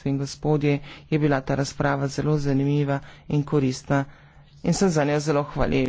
gospe in gospodje, je bila ta razprava zelo zanimiva in koristna in sem za njo zelo hvaležen.